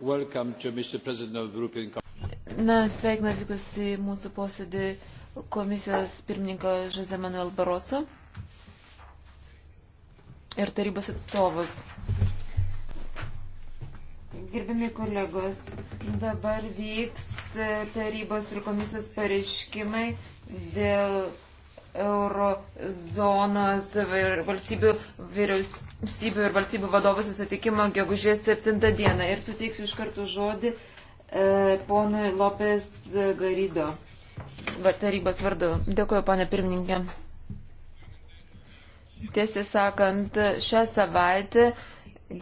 Na, sveikinu atvykus į mūsų posėdį komisijos pirmininko Žoze Manuel Baroso ir tarybos atstovus. Gerbimi kolegos, dabar vyks tarybos ir komisijos pareiškimai dėl eurozonos ir valstybių vyriausybių ir valstybių vadovų susitikimo gegužės 7 dieną. Ir suteiksiu iš karto žodį e, ponui Lopes Garido va, tarybos vardu. Dėkuoju, ponė pirmininkė. Tiesą sakant, šią savaitę,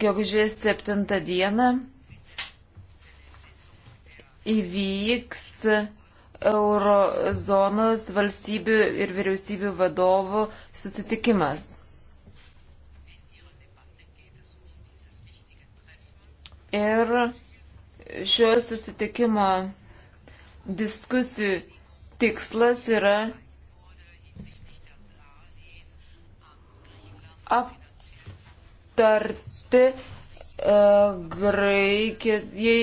gegužės 7 dieną, įvyks eurozonos valstybių ir vyriausybių vadovų susitikimas. Ir šio susitikimo diskusijų tikslas yra aptarti uh, Graikijai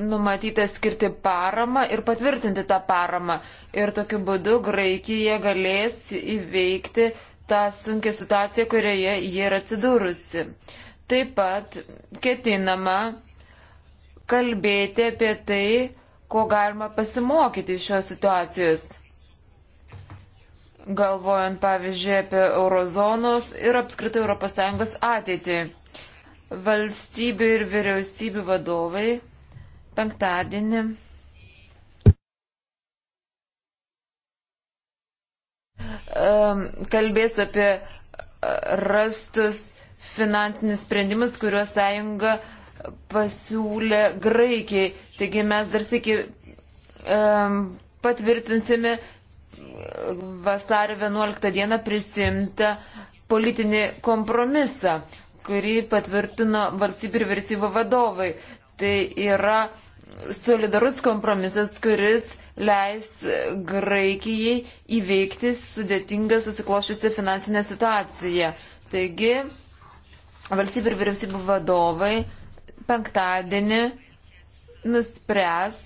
numatyta skirti paramą ir patvirtinti tą paramą. Ir tokiu būdu Graikija galės įveikti tą sunkę situaciją, kurioje jie yra atsidūrusi. Taip pat ketinama kalbėti apie tai, ko galima pasimokyti iš šios situacijos. Galvojant, pavyzdžiui, apie eurozonos ir apskritai ES ateitį. Valstybių ir vyriausybių vadovai penktadienį. Kalbės apie e, rastus finansinius sprendimus, kuriuos sąjunga pasiūlė Graikijai. Taigi mes dar sėki patvirtinsime vasario 11 dieną prisimtą politinį kompromisą, kurį patvirtino valstybių ir versybių vadovai. Tai yra solidarus kompromisas, kuris leis Graikijai įveikti sudėtingą susiklošusią finansinę situaciją. Taigi, valstybių ir vyriausybių vadovai penktadienį nuspręs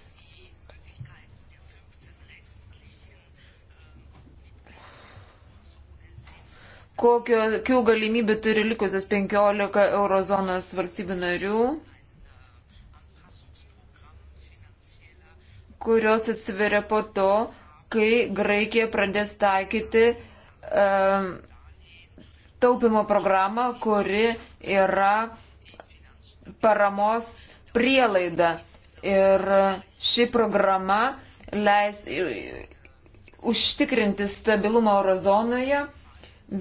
kokių galimybių turi likusios 15 eurozonos valstybių narių kurios atsiveria po to, kai Graikija pradės taikyti um, taupimo programą, kuri yra paramos prielaida. Ir ši programa leis užtikrinti stabilumą eurozonoje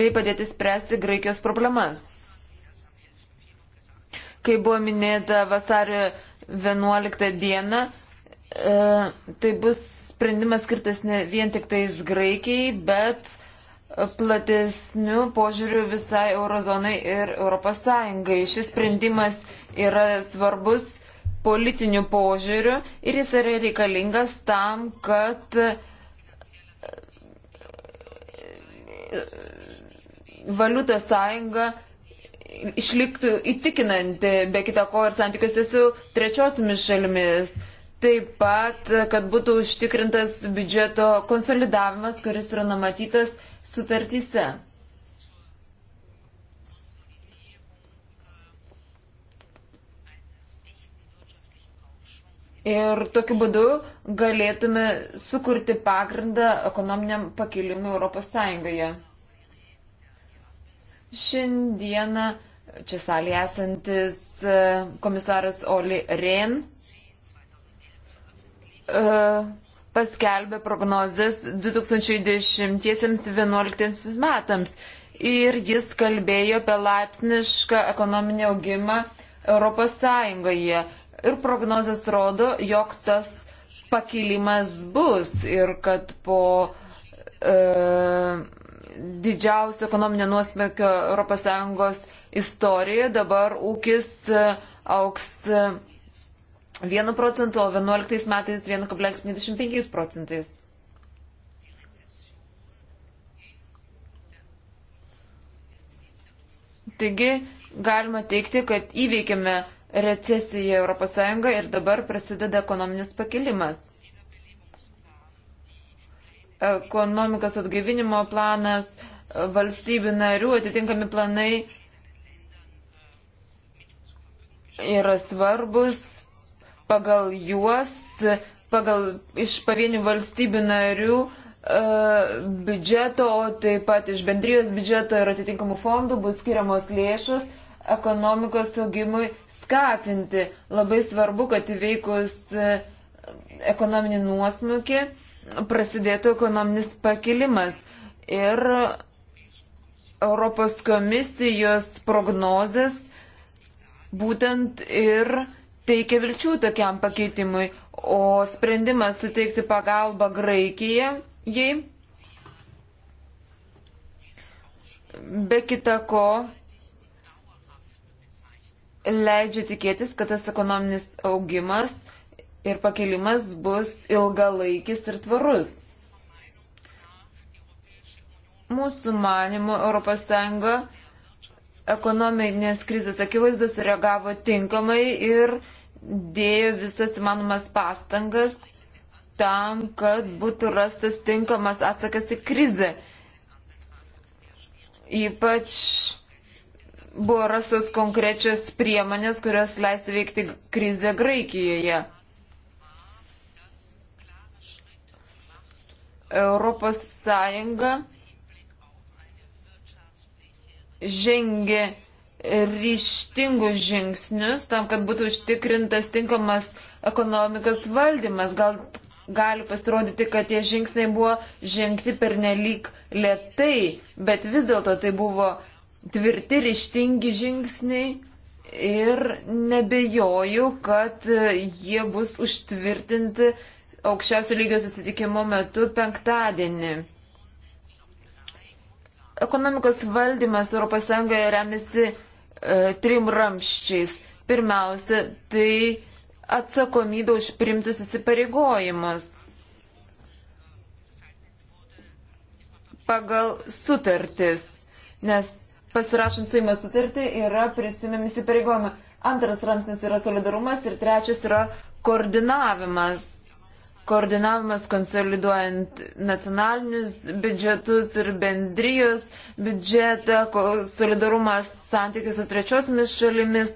bei padėti spręsti Graikijos problemas. Kai buvo minėta vasario 11 dieną, E, tai bus sprendimas skirtas ne vien tik tais Graikijai, bet platesnių požiūrių visai eurozonai ir Europos Sąjungai. Šis sprendimas yra svarbus politinių požiūrių ir jis yra reikalingas tam, kad e, valiutos sąjunga išliktų įtikinanti, be kita ko, ir santykiuose su trečiosiomis šalimis taip pat, kad būtų užtikrintas biudžeto konsolidavimas, kuris yra numatytas sutartyse. Ir tokiu būdu galėtume sukurti pagrindą ekonominiam pakilimui Europos Sąjungoje. Šiandieną čia salėje esantis e, komisaras Oli Rehn E, paskelbė prognozes 2010-2011 metams ir jis kalbėjo apie laipsnišką ekonominį augimą Europos Sąjungoje. Ir prognozes rodo, jog tas pakilimas bus ir kad po e, didžiausio ekonominio nuosmekio Europos Sąjungos istorijoje dabar ūkis e, auks. E, 1 procentu, o 11 metais 1,75 procentais. Taigi galima teikti, kad įveikėme recesiją ES ir dabar prasideda ekonominis pakilimas. Ekonomikos atgaivinimo planas, valstybių narių atitinkami planai yra svarbus pagal juos, pagal iš pavienių valstybių narių e, biudžeto, o taip pat iš bendrijos biudžeto ir atitinkamų fondų bus skiriamos lėšos ekonomikos augimui skatinti. Labai svarbu, kad įveikus e, ekonominį nuosmukį prasidėtų ekonominis pakilimas. Ir Europos komisijos prognozės būtent ir teikia vilčių tokiam pakeitimui, o sprendimas suteikti pagalbą Graikijai, be kita ko, leidžia tikėtis, kad tas ekonominis augimas ir pakelimas bus ilgalaikis ir tvarus. Mūsų manimo ES ekonominės krizės akivaizdos reagavo tinkamai ir dėjo visas įmanomas pastangas tam, kad būtų rastas tinkamas atsakas į krizę. Ypač buvo rastos konkrečios priemonės, kurios leis veikti krizę Graikijoje. Europos Sąjunga žengė ryštingus žingsnius tam, kad būtų užtikrintas tinkamas ekonomikos valdymas. Gal gali pasirodyti, kad tie žingsniai buvo žengti per nelik lietai, bet vis dėlto tai buvo tvirti, ryštingi žingsniai ir nebejoju, kad jie bus užtvirtinti aukščiausio lygio susitikimo metu penktadienį. Ekonomikos valdymas ES remiasi E, trim ramščiais. Pirmiausia, tai atsakomybė už primtus įsipareigojimus. Pagal sutartis, nes pasirašant su įmės sutartį yra prisimėm įsipareigojimą. Antras ramsnis yra solidarumas ir trečias yra koordinavimas koordinavimas konsoliduojant nacionalinius biudžetus ir bendrijos biudžetą, solidarumas santykius su trečiosiomis šalimis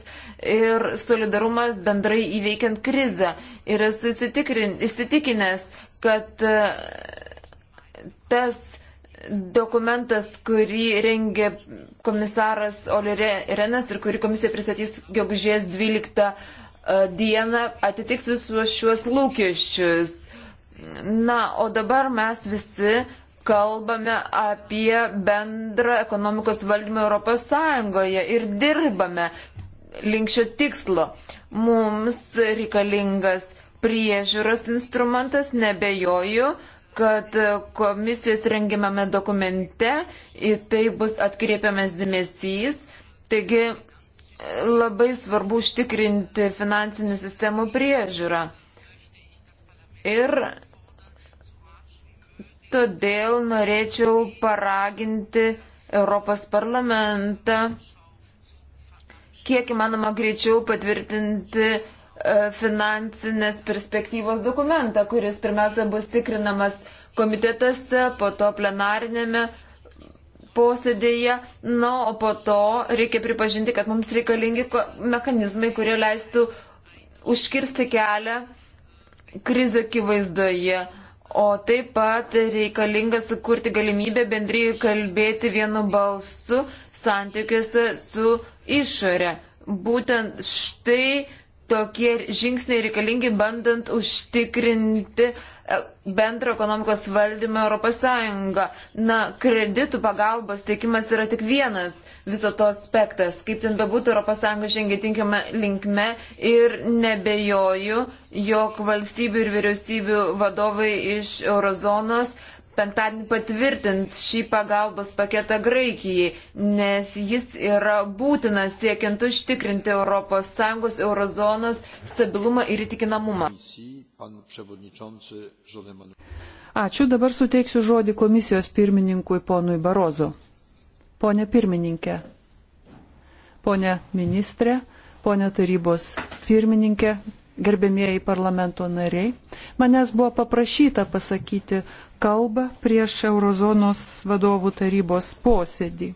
ir solidarumas bendrai įveikiant krizę. Ir esu įsitikinęs, kad e, tas dokumentas, kurį rengė komisaras Olire Irenas ir kurį komisija pristatys gegužės 12 E, dieną atitiks visus šiuos lūkesčius. Na, o dabar mes visi kalbame apie bendrą ekonomikos valdymą Europos Sąjungoje ir dirbame link šio tikslo. Mums reikalingas priežiūros instrumentas, nebejoju, kad komisijos rengiamame dokumente į tai bus atkreipiamas dėmesys. Taigi labai svarbu užtikrinti finansinių sistemų priežiūrą. Ir todėl norėčiau paraginti Europos parlamentą kiek įmanoma greičiau patvirtinti e, finansinės perspektyvos dokumentą, kuris pirmiausia bus tikrinamas komitetuose, po to plenarinėme posėdėje, na, o po to reikia pripažinti, kad mums reikalingi mechanizmai, kurie leistų užkirsti kelią krizio akivaizdoje. O taip pat reikalinga sukurti galimybę bendryjų kalbėti vienu balsu santykiuose su išorė. Būtent štai tokie žingsniai reikalingi bandant užtikrinti uh, bendro ekonomikos valdymą Europos Sąjungą. Na, kreditų pagalbos teikimas yra tik vienas viso to aspektas. Kaip ten bebūtų, Europos Sąjunga žengia tinkamą linkme ir nebejoju, jog valstybių ir vyriausybių vadovai iš eurozonos penktadienį patvirtins šį pagalbos paketą Graikijai, nes jis yra būtinas siekiant užtikrinti ES eurozonos stabilumą ir įtikinamumą. Ačiū, dabar suteiksiu žodį komisijos pirmininkui ponui Barozo. Pone pirmininkė, pone ministrė, pone tarybos pirmininkė, gerbėmieji parlamento nariai, manęs buvo paprašyta pasakyti kalbą prieš Eurozonos vadovų tarybos posėdį.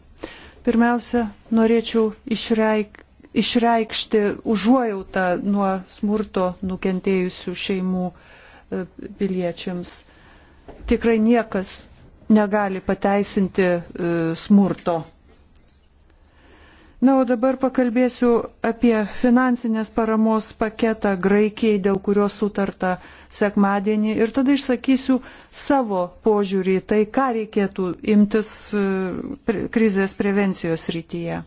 Pirmiausia, norėčiau išreik, išreikšti užuojautą nuo smurto nukentėjusių šeimų e, piliečiams. Tikrai niekas negali pateisinti e, smurto Na, o dabar pakalbėsiu apie finansinės paramos paketą Graikijai, dėl kurio sutarta sekmadienį. Ir tada išsakysiu savo požiūrį į tai, ką reikėtų imtis e, krizės prevencijos rytyje.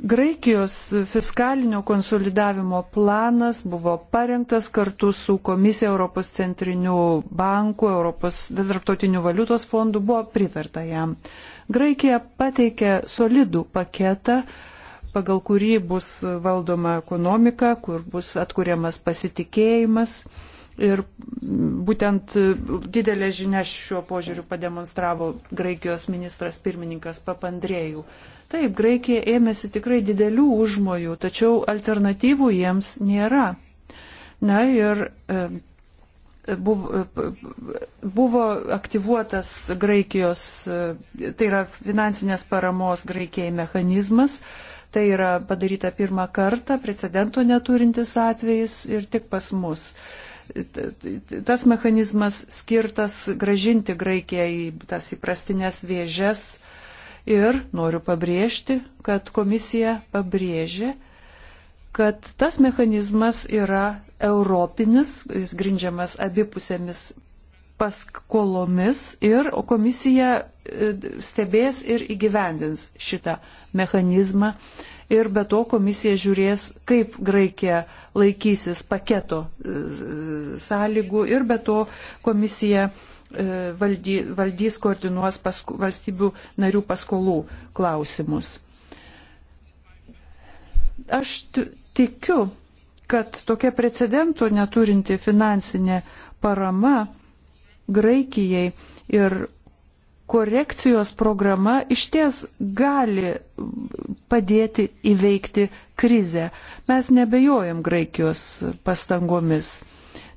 Graikijos fiskalinio konsolidavimo planas buvo parengtas kartu su Komisija Europos centrinių bankų, Europos tarptautinių valiutos fondų, buvo pritarta jam. Graikija pateikė solidų paketą, pagal kurį bus valdoma ekonomika, kur bus atkuriamas pasitikėjimas. Ir būtent didelę žinią šiuo požiūriu pademonstravo Graikijos ministras pirmininkas Papandrėjų. Pa Taip, Graikija ėmėsi tikrai didelių užmojų, tačiau alternatyvų jiems nėra. Na ir e, buvo, e, buvo aktyvuotas Graikijos, e, tai yra finansinės paramos Graikijai mechanizmas, tai yra padaryta pirmą kartą, precedento neturintis atvejis ir tik pas mus tas mechanizmas skirtas gražinti Graikiją į tas įprastinės vėžes, Ir noriu pabrėžti, kad komisija pabrėžė, kad tas mechanizmas yra europinis, jis grindžiamas abipusėmis paskolomis ir komisija e, stebės ir įgyvendins šitą mechanizmą. Ir be to komisija žiūrės, kaip Graikija laikysis paketo e, sąlygų ir be to komisija uh, E, valdy, valdys koordinuos pasku, valstybių narių paskolų klausimus. Aš tikiu, kad tokia precedento neturinti finansinė parama Graikijai ir korekcijos programa išties gali padėti įveikti krizę. Mes nebejojam Graikijos pastangomis.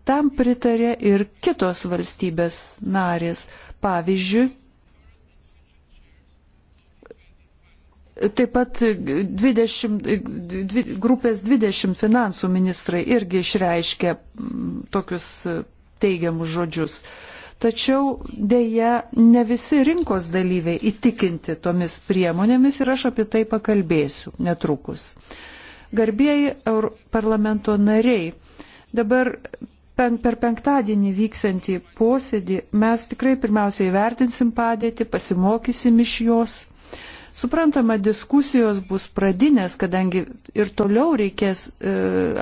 Tam pritarė ir kitos valstybės narės. Pavyzdžiui, Taip pat 20, grupės 20 finansų ministrai irgi išreiškė mm, tokius teigiamus žodžius. Tačiau dėja ne visi rinkos dalyviai įtikinti tomis priemonėmis ir aš apie tai pakalbėsiu netrukus. Garbėjai parlamento nariai, dabar per penktadienį vyksantį posėdį mes tikrai pirmiausiai vertinsim padėtį, pasimokysim iš jos. Suprantama, diskusijos bus pradinės, kadangi ir toliau reikės e,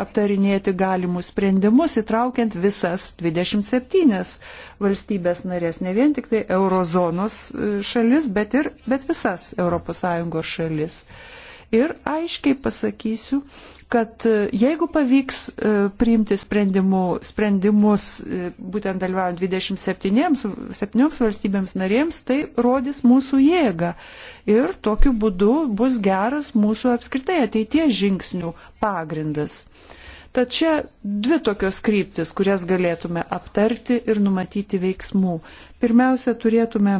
aptarinėti galimus sprendimus, įtraukiant visas 27 valstybės narės, ne vien tik tai eurozonos e, šalis, bet ir bet visas ES šalis. E, ir aiškiai pasakysiu, kad e, jeigu pavyks e, priimti sprendimu, sprendimus e, būtent dalyvaujant 27 valstybėms narėms, tai rodys mūsų jėgą. Ir tokiu būdu bus geras mūsų apskritai ateities žingsnių pagrindas. Tad čia dvi tokios kryptis, kurias galėtume aptarti ir numatyti veiksmų. Pirmiausia, turėtume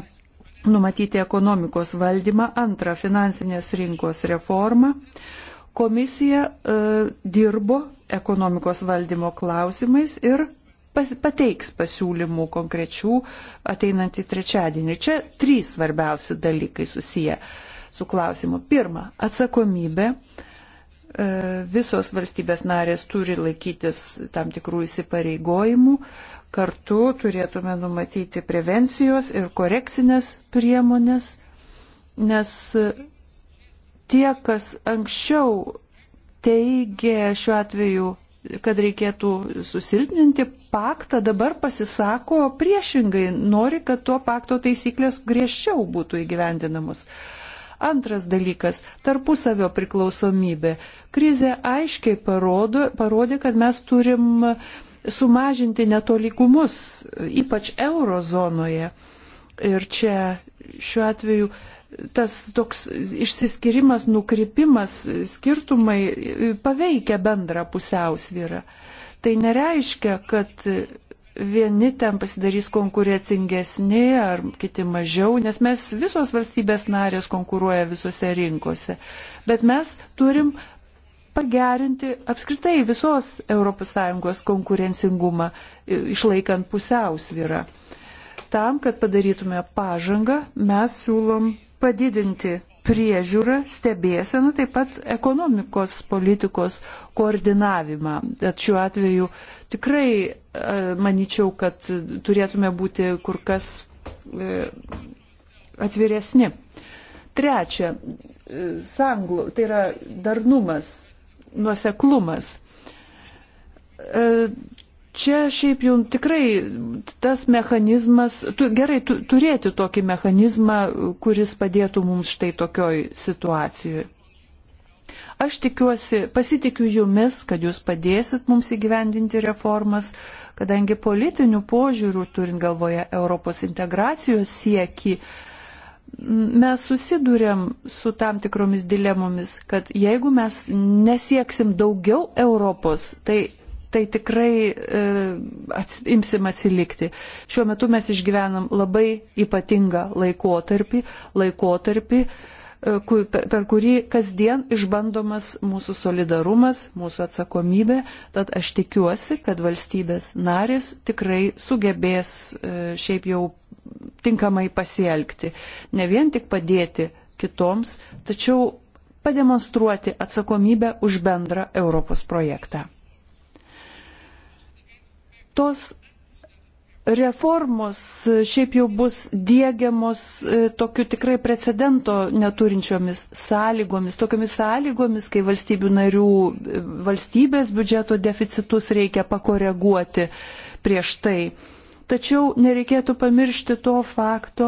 numatyti ekonomikos valdymą, antrą finansinės rinkos reformą. Komisija e, dirbo ekonomikos valdymo klausimais ir pateiks pasiūlymų konkrečių ateinantį trečiadienį. Čia trys svarbiausi dalykai susiję su klausimu. Pirma, atsakomybė. E, visos valstybės narės turi laikytis tam tikrų įsipareigojimų. Kartu turėtume numatyti prevencijos ir korekcinės priemonės, nes tie, kas anksčiau teigė šiuo atveju, kad reikėtų susilpninti paktą, dabar pasisako priešingai, nori, kad tuo pakto taisyklės griežčiau būtų įgyvendinamos. Antras dalykas - tarpusavio priklausomybė. Krizė aiškiai parodo, parodė, kad mes turim uh, sumažinti netolikumus, ypač eurozonoje. Ir čia šiuo atveju tas toks išsiskirimas, nukrypimas, skirtumai paveikia bendrą pusiausvyrą. Tai nereiškia, kad vieni ten pasidarys konkurencingesni ar kiti mažiau, nes mes visos valstybės narės konkuruoja visose rinkose. Bet mes turim pagerinti apskritai visos ES konkurencingumą, išlaikant pusiausvyrą. Tam, kad padarytume pažangą, mes siūlom padidinti priežiūrą, stebėseną, taip pat ekonomikos politikos koordinavimą. Bet šiuo atveju tikrai e, manyčiau, kad turėtume būti kur kas e, atviresni. Trečia, e, sanglo, tai yra darnumas nuoseklumas. E, čia šiaip jau tikrai tas mechanizmas, tu, gerai tu, turėti tokį mechanizmą, kuris padėtų mums štai tokioj situacijoje. Aš tikiuosi, pasitikiu jumis, kad jūs padėsit mums įgyvendinti reformas, kadangi politinių požiūrių, turint galvoje Europos integracijos sieki, uh, mes susidurėm su tam tikromis dilemomis, kad jeigu mes nesieksim daugiau Europos, tai tai tikrai e, ats, imsim atsilikti. Šiuo metu mes išgyvenam labai ypatingą laikotarpį, laikotarpį, e, kur, per kurį kasdien išbandomas mūsų solidarumas, mūsų atsakomybė. Tad aš tikiuosi, kad valstybės narės tikrai sugebės e, šiaip jau tinkamai pasielgti. Ne vien tik padėti kitoms, tačiau pademonstruoti atsakomybę už bendrą Europos projektą. Tos reformos šiaip jau bus dėgiamos e, tokiu tikrai precedento neturinčiomis sąlygomis, tokiamis sąlygomis, kai valstybių narių e, valstybės biudžeto deficitus reikia pakoreguoti prieš tai Tačiau nereikėtų pamiršti to fakto,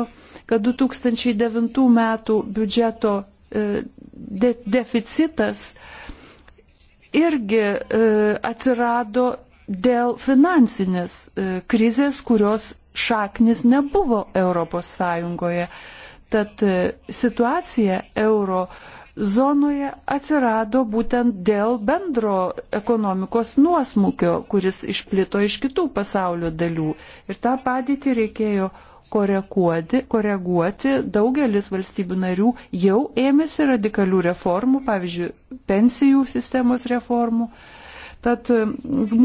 kad 2009 metų biudžeto e, de deficitas irgi e, atsirado dėl finansinės e, krizės, kurios šaknis nebuvo Europos Sąjungoje. Tad situacija euro zonoje atsirado būtent dėl bendro ekonomikos nuosmukio, kuris išplito iš kitų pasaulio dalių. Ir tą padėtį reikėjo koreguoti, koreguoti. Daugelis valstybių narių jau ėmėsi radikalių reformų, pavyzdžiui, pensijų sistemos reformų. Tad e,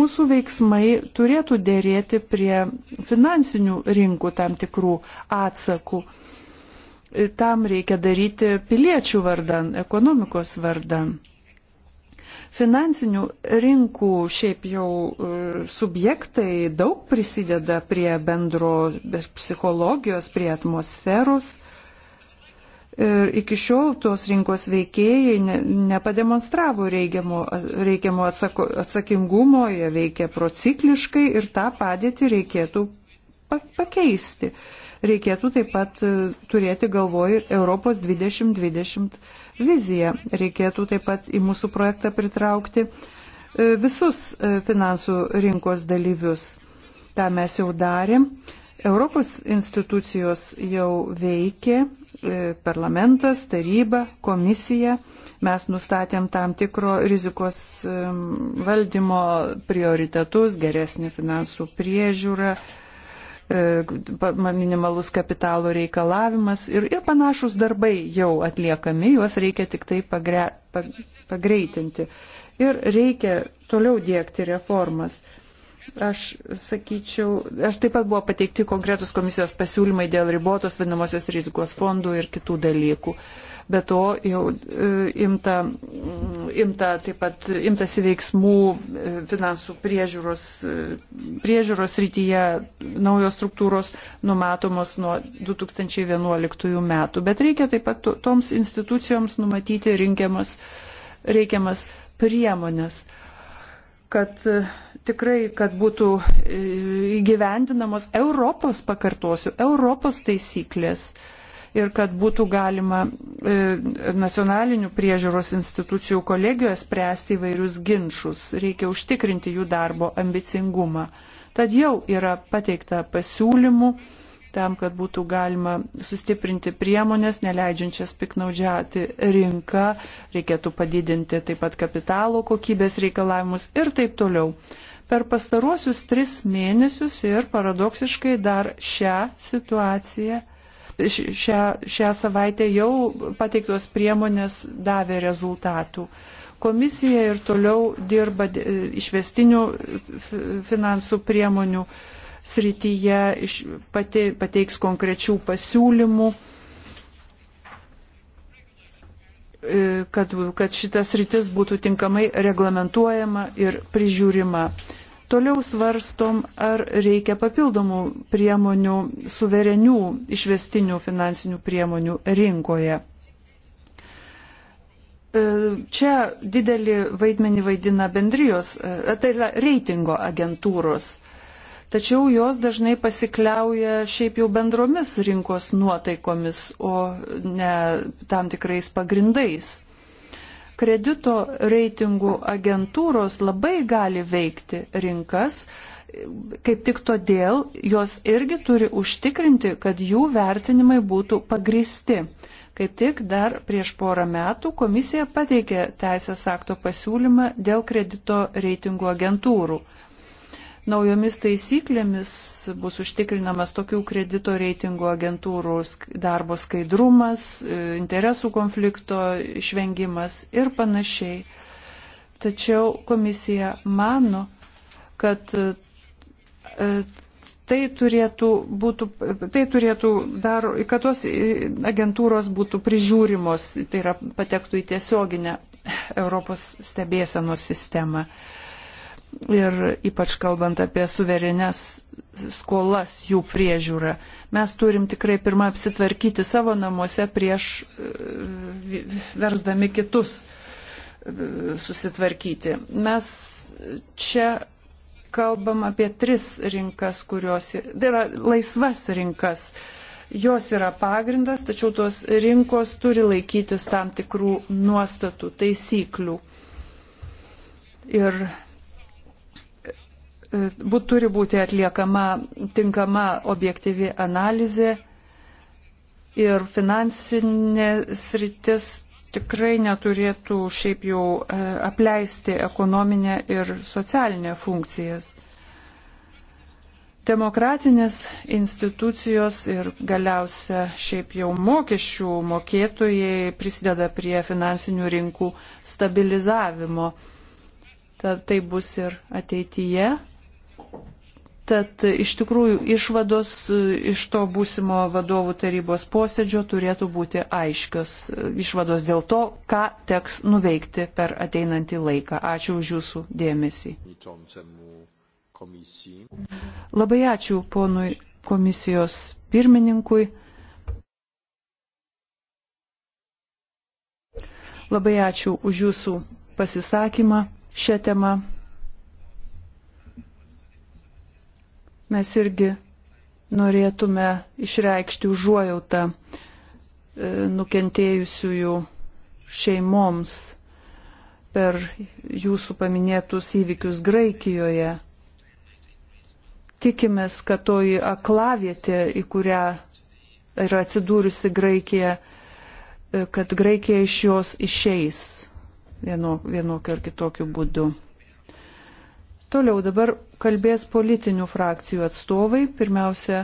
mūsų veiksmai turėtų dėrėti prie finansinių rinkų tam tikrų atsakų tam reikia daryti piliečių vardan, ekonomikos vardan. Finansinių rinkų šiaip jau e, subjektai daug prisideda prie bendro psichologijos, prie atmosferos. Ir iki šiol tos rinkos veikėjai ne, nepademonstravo reikiamo, reikiamo atsako, atsakingumo, jie veikia procikliškai ir tą padėtį reikėtų pakeisti. Uh, Reikėtų taip pat e, turėti galvoj ir Europos 2020 viziją. Reikėtų taip pat į mūsų projektą pritraukti e, visus e, finansų rinkos dalyvius. Ta mes jau darėm. Europos institucijos jau veikė, parlamentas, taryba, komisija. Mes nustatėm tam tikro rizikos valdymo prioritetus, geresnį finansų priežiūrą, E, minimalus kapitalo reikalavimas ir, ir panašus darbai jau atliekami, juos reikia tik tai pagre, pagreitinti. Ir reikia toliau dėkti reformas. Aš sakyčiau, aš taip pat buvo pateikti konkretus komisijos pasiūlymai dėl ribotos vadinamosios rizikos fondų ir kitų dalykų. Uh, Be to jau e, imta, imta taip pat imtasi veiksmų e, finansų priežiūros, e, priežiūros rytyje naujos struktūros numatomos nuo 2011 metų. Bet reikia taip pat toms institucijoms numatyti rinkiamas, reikiamas priemonės kad tikrai, kad būtų įgyvendinamos Europos, pakartosiu, Europos taisyklės, uh, ir kad būtų galima e, nacionalinių priežiūros institucijų kolegijoje spręsti įvairius ginčius. Reikia užtikrinti jų darbo ambicingumą. Tad jau yra pateikta pasiūlymų tam, kad būtų galima sustiprinti priemonės, neleidžiančias piknaudžiauti rinką, reikėtų padidinti taip pat kapitalo kokybės reikalavimus ir taip toliau. Per pastaruosius tris mėnesius ir paradoksiškai dar šią situaciją šią, šią savaitę jau pateiktos priemonės davė rezultatų. Komisija ir toliau dirba išvestinių finansų priemonių srityje, pati, pateiks konkrečių pasiūlymų e, kad, kad šitas rytis būtų tinkamai reglamentuojama ir prižiūrima. Toliau svarstom, ar reikia papildomų priemonių, suverenių išvestinių finansinių priemonių rinkoje. E, čia didelį vaidmenį vaidina bendrijos, e, tai yra reitingo agentūros. Tačiau jos dažnai pasikliauja šiaip jau bendromis rinkos nuotaikomis, o ne tam tikrais pagrindais. Kredito reitingų agentūros labai gali veikti rinkas, kaip tik todėl jos irgi turi užtikrinti, kad jų vertinimai būtų pagristi. Kaip tik dar prieš porą metų komisija pateikė teisės akto pasiūlymą dėl kredito reitingų agentūrų. Naujomis taisyklėmis bus užtikrinamas tokių kredito reitingų agentūrų darbo skaidrumas, e, interesų konflikto išvengimas ir panašiai. Tačiau komisija mano, kad e, tai turėtų, būtų, tai turėtų dar, kad tos e, agentūros būtų prižiūrimos, tai yra patektų į tiesioginę Europos stebėsenos sistemą. Uh, ir ypač kalbant apie suverenės skolas, jų priežiūrą. Mes turim tikrai pirmą apsitvarkyti savo namuose prieš e, versdami kitus e, susitvarkyti. Mes čia kalbam apie tris rinkas, kurios tai yra laisvas rinkas. Jos yra pagrindas, tačiau tos rinkos turi laikytis tam tikrų nuostatų, taisyklių. Ir E, būt, turi būti atliekama tinkama objektyvi analizė ir finansinė sritis tikrai neturėtų šiaip jau e, apleisti ekonominę ir socialinę funkcijas. Demokratinės institucijos ir galiausia šiaip jau mokesčių mokėtojai prisideda prie finansinių rinkų stabilizavimo. Tad tai bus ir ateityje. Tad iš tikrųjų išvados e, iš to būsimo vadovų tarybos posėdžio turėtų būti aiškios. E, išvados dėl to, ką teks nuveikti per ateinantį laiką. Ačiū už Jūsų dėmesį. Labai ačiū ponui komisijos pirmininkui. Labai ačiū už Jūsų pasisakymą šią temą. Mes irgi norėtume išreikšti užuojautą e, nukentėjusiųjų šeimoms per jūsų paminėtus įvykius Graikijoje. Tikimės, kad toji aklavietė, į kurią yra atsidūrusi Graikija, e, kad Graikija iš jos išeis vieno, vienokio ar kitokiu būdu. Toliau dabar kalbės politinių frakcijų atstovai. Pirmiausia,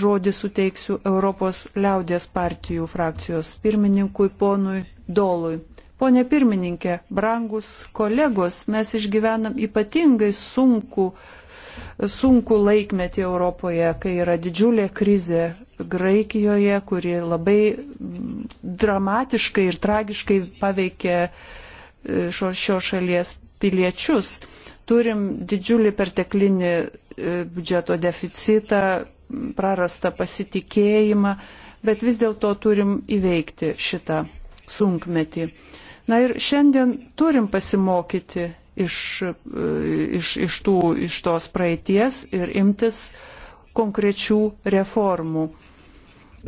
žodį suteiksiu Europos liaudės partijų frakcijos pirmininkui ponui Dolui. Pone pirmininkė, brangus kolegos, mes išgyvenam ypatingai sunku, sunku laikmetį Europoje, kai yra didžiulė krizė Graikijoje, kuri labai dramatiškai ir tragiškai paveikė e, šios šalies piliečius. Turim didžiulį perteklinį e, biudžeto deficitą, prarastą pasitikėjimą, bet vis dėlto turim įveikti šitą sunkmetį. Na ir šiandien turim pasimokyti iš, e, iš, iš, tų, iš tos praeities ir imtis konkrečių reformų.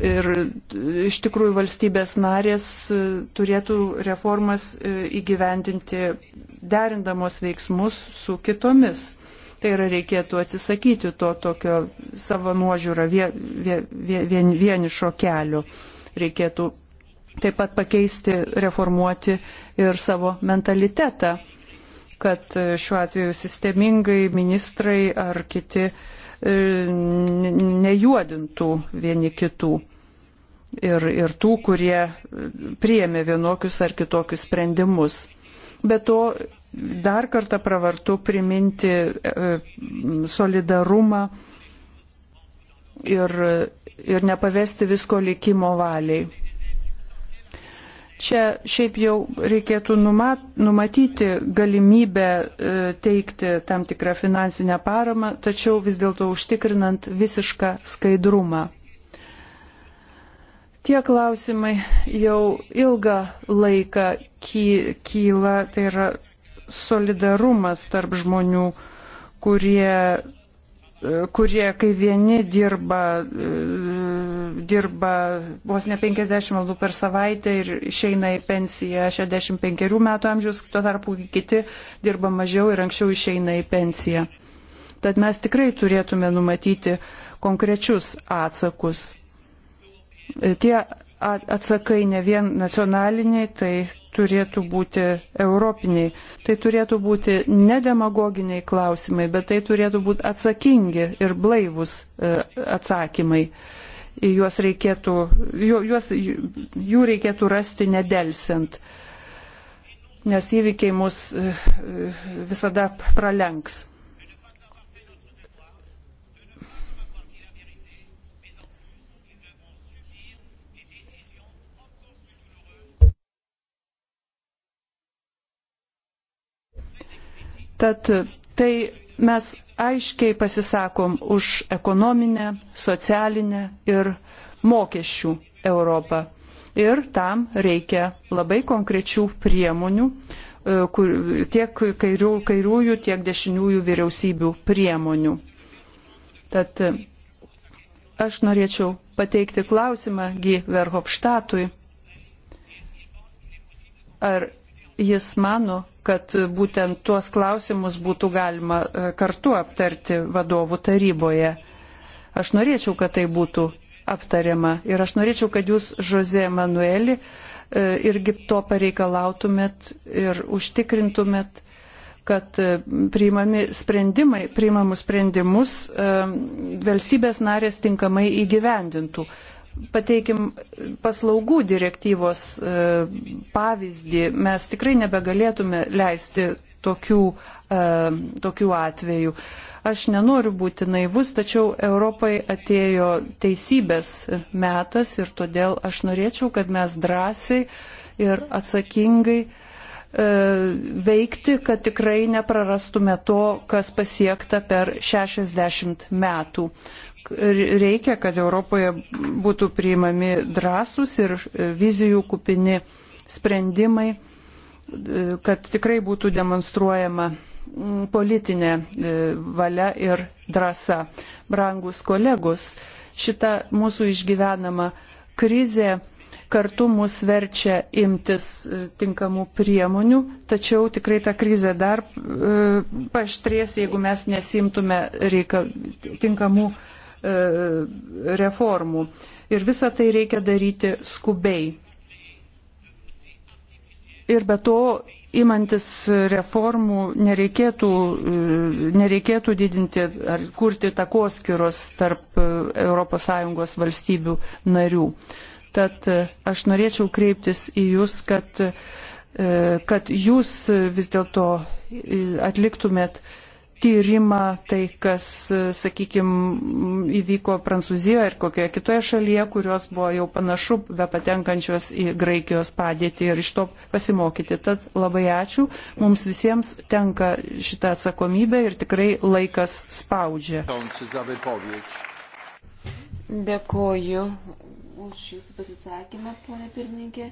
Ir iš tikrųjų valstybės narės e, turėtų reformas e, įgyvendinti derindamos veiksmus su kitomis. Tai yra reikėtų atsisakyti to tokio savo nuožiūrą vie, vie, vien, vienišo kelio. Reikėtų taip pat pakeisti, reformuoti ir savo mentalitetą, kad e, šiuo atveju sistemingai ministrai ar kiti uh, E, nejuodintų vieni kitų ir, ir tų, kurie priėmė vienokius ar kitokius sprendimus. Be to, dar kartą pravartu priminti e, solidarumą ir, ir nepavesti visko likimo valiai Čia šiaip jau reikėtų numatyti galimybę e, teikti tam tikrą finansinę paramą, tačiau vis dėlto užtikrinant visišką skaidrumą. Tie klausimai jau ilgą laiką kyla, tai yra solidarumas tarp žmonių, kurie E, kurie kai vieni dirba, e, dirba vos ne 50 valandų per savaitę ir išeina į pensiją 65 metų amžiaus, tuo tarpu kiti dirba mažiau ir anksčiau išeina į pensiją. Tad mes tikrai turėtume numatyti konkrečius atsakus. E, tie atsakai ne vien nacionaliniai, tai turėtų būti europiniai. Tai turėtų būti ne demagoginiai klausimai, bet tai turėtų būti atsakingi ir blaivus e, atsakymai. Juos reikėtų, juos, jų reikėtų rasti nedelsiant, nes įvykiai mus e, e, visada pralenks. Tad tai mes aiškiai pasisakom už ekonominę, socialinę ir mokesčių Europą. Ir tam reikia labai konkrečių priemonių, e, kur, tiek kairių, kairiųjų, tiek dešiniųjų vyriausybių priemonių. Tad e, aš norėčiau pateikti klausimą G. Verhofštatui, ar jis mano, kad būtent tuos klausimus būtų galima e, kartu aptarti vadovų taryboje. Aš norėčiau, kad tai būtų aptariama ir aš norėčiau, kad jūs, Žozė Manueli, e, irgi to pareikalautumėt ir užtikrintumėt, kad e, priimami sprendimai, priimamus sprendimus valstybės narės tinkamai įgyvendintų pateikim paslaugų direktyvos e, pavyzdį, mes tikrai nebegalėtume leisti tokių, e, tokių atvejų. Aš nenoriu būti naivus, tačiau Europai atėjo teisybės metas ir todėl aš norėčiau, kad mes drąsiai ir atsakingai e, veikti, kad tikrai neprarastume to, kas pasiekta per 60 metų reikia, kad Europoje būtų priimami drąsūs ir vizijų kupini sprendimai, kad tikrai būtų demonstruojama politinė e, valia ir drąsa. Brangus kolegus, šita mūsų išgyvenama krizė kartu mus verčia imtis e, tinkamų priemonių, tačiau tikrai ta krizė dar e, paštrės, jeigu mes nesimtume reikal, tinkamų priemonių E, reformų. Ir visą tai reikia daryti skubiai. Ir be to, imantis reformų, nereikėtų, e, nereikėtų didinti ar kurti takoskiros tarp ES valstybių narių. Tad e, aš norėčiau kreiptis į Jūs, kad, kad Jūs vis dėlto atliktumėt tyrimą, tai kas, sakykime, įvyko Prancūzijoje ir kokioje kitoje šalyje, kurios buvo jau panašu, be patenkančios į Graikijos padėtį ir iš to pasimokyti. Tad labai ačiū, mums visiems tenka šitą atsakomybę ir tikrai laikas spaudžia. Dėkoju už jūsų pasisakymą, ponė pirmininkė.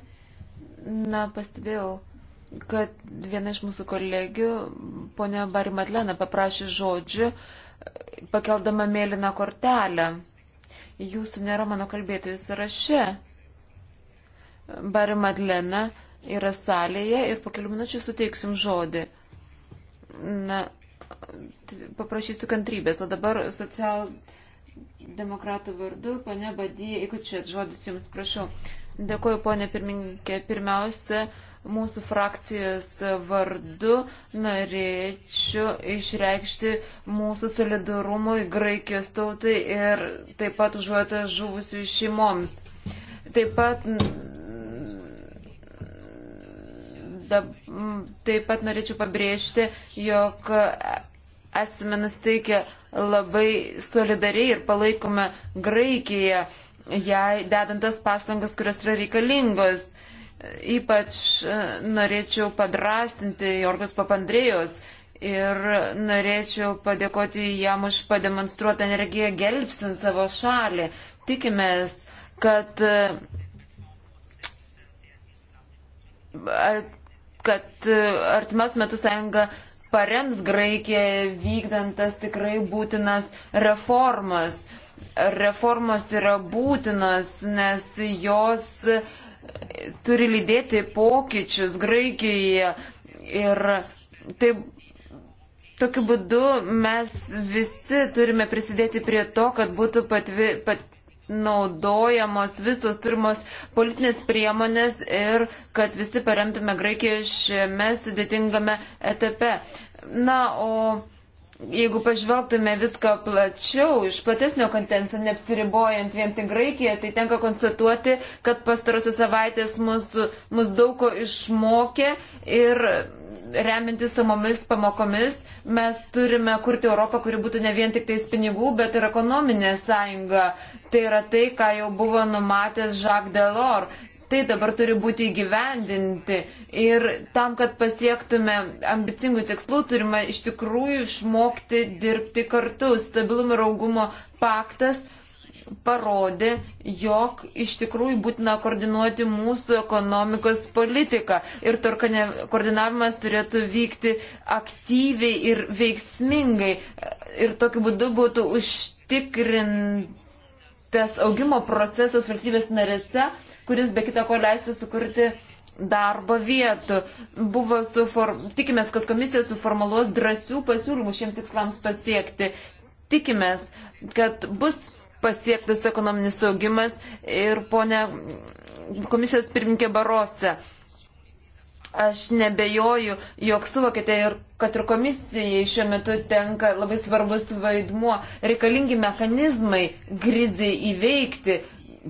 Na, pastebėjau kad viena iš mūsų kolegių, ponia Barimatlena, paprašė žodžių, pakeldama mėlyną kortelę. Jūsų nėra mano kalbėtojų sąraše. Barimatlena yra salėje ir po kelių minučių suteiksim žodį. Na, paprašysiu kantrybės, o dabar socialdemokratų vardu, ponia Badija, jeigu čia žodis jums prašau. Dėkuoju, ponia pirmininkė. Pirmiausia, uh, mūsų frakcijos vardu norėčiau išreikšti mūsų solidarumui Graikijos tautai ir taip pat užuotą žuvusių šeimoms. Taip pat, da, taip pat norėčiau pabrėžti, jog esame nusteikę labai solidariai ir palaikome Graikiją, jai dedantas pasangas, kurios yra reikalingos. Ypač e, norėčiau padrastinti Jorgos Papandrėjos ir norėčiau padėkoti jam už pademonstruotą energiją gelbstint savo šalį. Tikimės, kad, e, kad e, artimas metus sąjunga parems Graikiją vykdant tas tikrai būtinas reformas. Reformos yra būtinos, nes jos uh, turi lydėti pokyčius Graikijoje ir taip. Tokiu būdu mes visi turime prisidėti prie to, kad būtų patvi, pat, naudojamos visos turimos politinės priemonės ir kad visi paremtume Graikiją šiame sudėtingame etape. Na, o jeigu pažvelgtume viską plačiau, iš platesnio konteksto, neapsiribojant vien tik Graikiją, tai tenka konstatuoti, kad pastarosios savaitės mus, mus daug ko išmokė ir remintis samomis pamokomis mes turime kurti Europą, kuri būtų ne vien tik tais pinigų, bet ir ekonominė sąjunga. Tai yra tai, ką jau buvo numatęs Jacques Delors tai dabar turi būti įgyvendinti. Ir tam, kad pasiektume ambicingų tikslų, turime iš tikrųjų išmokti dirbti kartu. Stabilumo ir augumo paktas parodė, jog iš tikrųjų būtina koordinuoti mūsų ekonomikos politiką ir koordinavimas turėtų vykti aktyviai ir veiksmingai ir tokiu būdu būtų užtikrinti tas augimo procesas valstybės narėse, kuris be kita ko leistų sukurti darbo vietų. Buvo suform... Tikimės, kad komisija suformuluos drąsių pasiūlymų šiems tikslams pasiekti. Tikimės, kad bus pasiektas ekonominis augimas ir ponia komisijos pirmininkė Barose. Aš nebejoju, jog suvokite ir kad ir komisijai šiuo metu tenka labai svarbus vaidmuo, reikalingi mechanizmai grizai įveikti,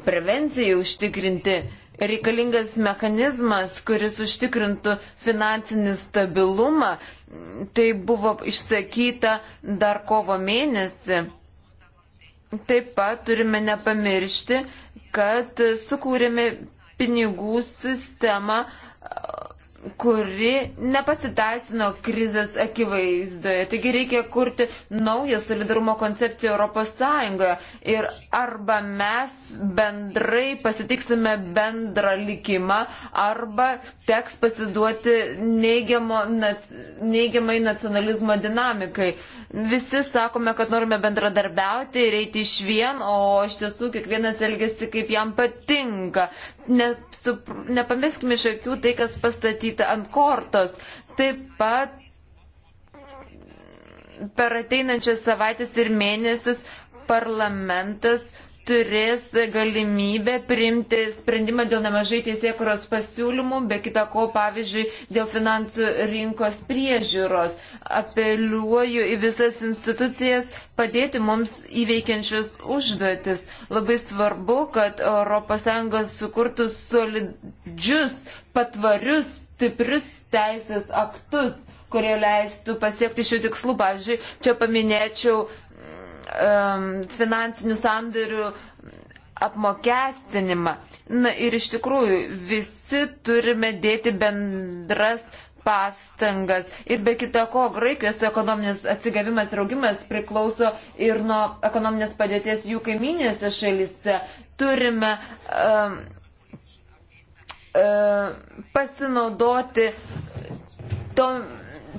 prevencijai užtikrinti, reikalingas mechanizmas, kuris užtikrintų finansinį stabilumą. Tai buvo išsakyta dar kovo mėnesį. Taip pat turime nepamiršti, kad sukūrėme pinigų sistemą kuri nepasiteisino krizės akivaizdoje. Taigi reikia kurti naują solidarumo koncepciją Europos Sąjungoje. Ir arba mes bendrai pasitiksime bendrą likimą, arba teks pasiduoti neigiamo, neigiamai nacionalizmo dinamikai. Visi sakome, kad norime bendradarbiauti ir eiti iš vien, o iš tiesų kiekvienas elgesi kaip jam patinka. Ne, su, nepamėskime iš akių tai, kas pastatyta pastatyti ant kortos. Taip pat per ateinančias savaitės ir mėnesius parlamentas turės galimybę priimti sprendimą dėl nemažai teisėkuros pasiūlymų, be kita ko, pavyzdžiui, dėl finansų rinkos priežiūros. Apeliuoju į visas institucijas padėti mums įveikiančius užduotis. Labai svarbu, kad ES sukurtų solidžius, patvarius stiprius teisės aktus, kurie leistų pasiekti šių tikslų. Pavyzdžiui, čia paminėčiau um, finansinių sandorių apmokestinimą. Na ir iš tikrųjų visi turime dėti bendras pastangas. Ir be kita ko, Graikijos ekonominis atsigavimas ir augimas priklauso ir nuo ekonominės padėties jų kaiminėse šalyse. Turime um, E, pasinaudoti to,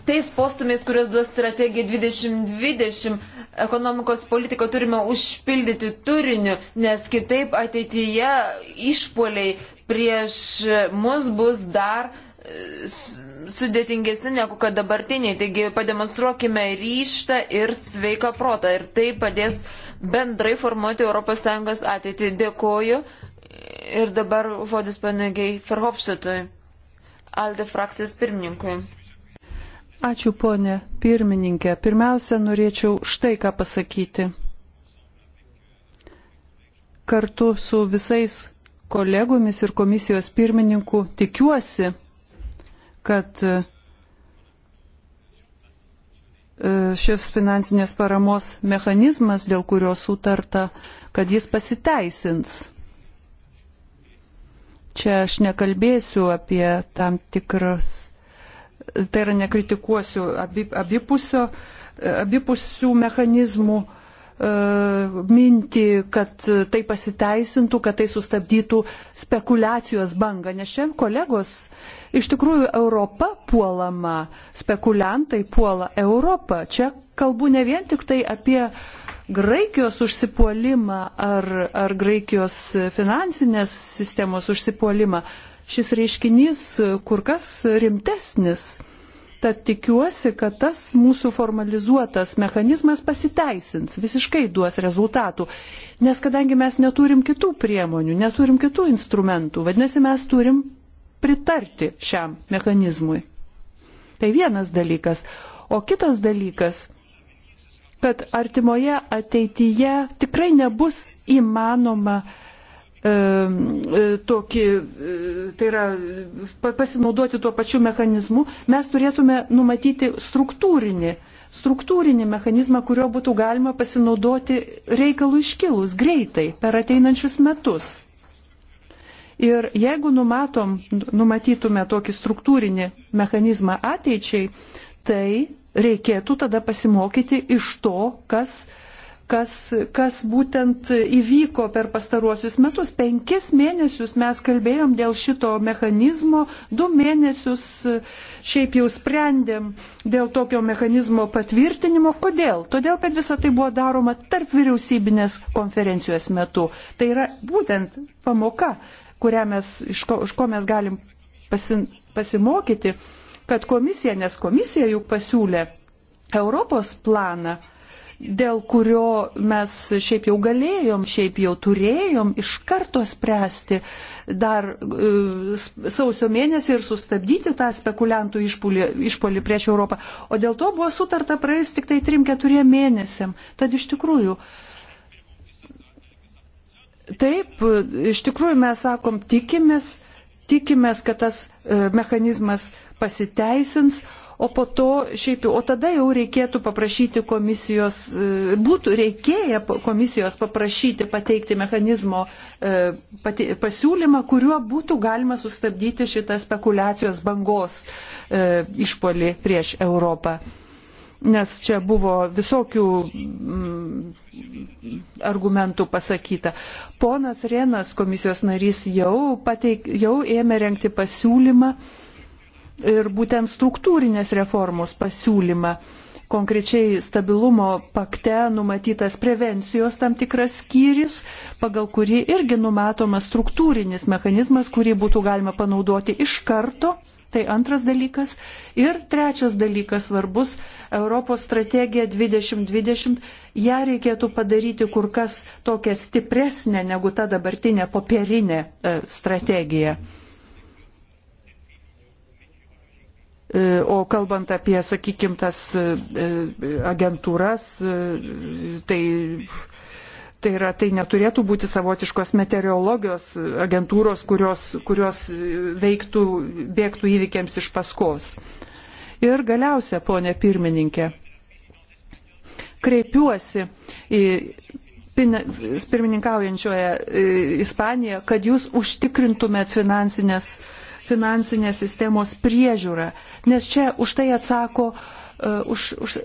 tais postumiais, kuriuos duos strategija 2020 ekonomikos politiką turime užpildyti turiniu, nes kitaip ateityje išpoliai prieš mus bus dar e, sudėtingesni negu kad dabartiniai. Taigi pademonstruokime ryštą ir sveiką protą ir tai padės bendrai formuoti ES ateitį. Dėkoju. Ir dabar žodis panegiai Ferhofštatui, Alde frakcijos pirmininkui. Ačiū, ponė pirmininkė. Pirmiausia, norėčiau štai ką pasakyti. Kartu su visais kolegomis ir komisijos pirmininku tikiuosi, kad e, šis finansinės paramos mechanizmas, dėl kurio sutarta, kad jis pasiteisins. Čia aš nekalbėsiu apie tam tikras, tai yra nekritikuosiu abipusio, abipusių mechanizmų uh, E, mintį, kad tai pasiteisintų, kad tai sustabdytų spekulacijos bangą. Nes čia kolegos, iš tikrųjų Europa puolama, spekuliantai puola Europą. Čia kalbu ne vien tik tai apie Graikijos užsipuolimą ar, ar Graikijos finansinės sistemos užsipuolimą. Šis reiškinys kur kas rimtesnis Tad tikiuosi, kad tas mūsų formalizuotas mechanizmas pasiteisins, visiškai duos rezultatų. Nes kadangi mes neturim kitų priemonių, neturim kitų instrumentų, vadinasi, mes turim pritarti šiam mechanizmui. Tai vienas dalykas. O kitas dalykas, kad artimoje ateityje tikrai nebus įmanoma uh, Ehm, e, tokį, e, tai yra pasinaudoti tuo pačiu mechanizmu, mes turėtume numatyti struktūrinį, struktūrinį mechanizmą, kurio būtų galima pasinaudoti reikalų iškilus greitai per ateinančius metus. Ir jeigu numatom, numatytume tokį struktūrinį mechanizmą ateičiai, tai reikėtų tada pasimokyti iš to, kas uh, kas, kas būtent įvyko per pastaruosius metus. Penkis mėnesius mes kalbėjom dėl šito mechanizmo, du mėnesius e, šiaip jau sprendėm dėl tokio mechanizmo patvirtinimo. Kodėl? Todėl, kad visa tai buvo daroma tarp vyriausybinės konferencijos metu. Tai yra būtent pamoka, kurią mes, iš ko, iš ko mes galim pasi, pasimokyti, kad komisija, nes komisija juk pasiūlė Europos planą, dėl kurio mes šiaip jau galėjom, šiaip jau turėjom iš karto spręsti dar e, sausio mėnesį ir sustabdyti tą spekuliantų išpolį, išpolį prieš Europą. O dėl to buvo sutarta praeis tik tai 3-4 mėnesiam. Tad iš tikrųjų. Taip, iš tikrųjų mes sakom, tikimės, tikimės, kad tas e, mechanizmas pasiteisins, o po to šiaip, o tada jau reikėtų paprašyti komisijos, e, būtų reikėję komisijos paprašyti pateikti mechanizmo e, pati, pasiūlymą, kuriuo būtų galima sustabdyti šitą spekulacijos bangos e, išpolį prieš Europą. Nes čia buvo visokių mm, argumentų pasakyta. Ponas Renas, komisijos narys, jau, pateik, jau ėmė renkti pasiūlymą uh, ir būtent struktūrinės reformos pasiūlymą. Konkrečiai stabilumo pakte numatytas prevencijos tam tikras skyrius, pagal kurį irgi numatomas struktūrinis mechanizmas, kurį būtų galima panaudoti iš karto Tai antras dalykas. Ir trečias dalykas svarbus - Europos strategija 2020. Ja reikėtų padaryti kur kas tokia stipresnė negu ta dabartinė popierinė e, strategija. E, o kalbant apie, sakykim, tas e, e, agentūras, tai, tai, yra, tai neturėtų būti savotiškos meteorologijos agentūros, kurios, kurios veiktų, bėgtų įvykiams iš paskos. Ir galiausia, ponė pirmininkė, kreipiuosi į pirmininkaujančioje Ispaniją, kad jūs užtikrintumėt finansinės uh, finansinės sistemos priežiūrą, nes čia už tai atsako e, už, už,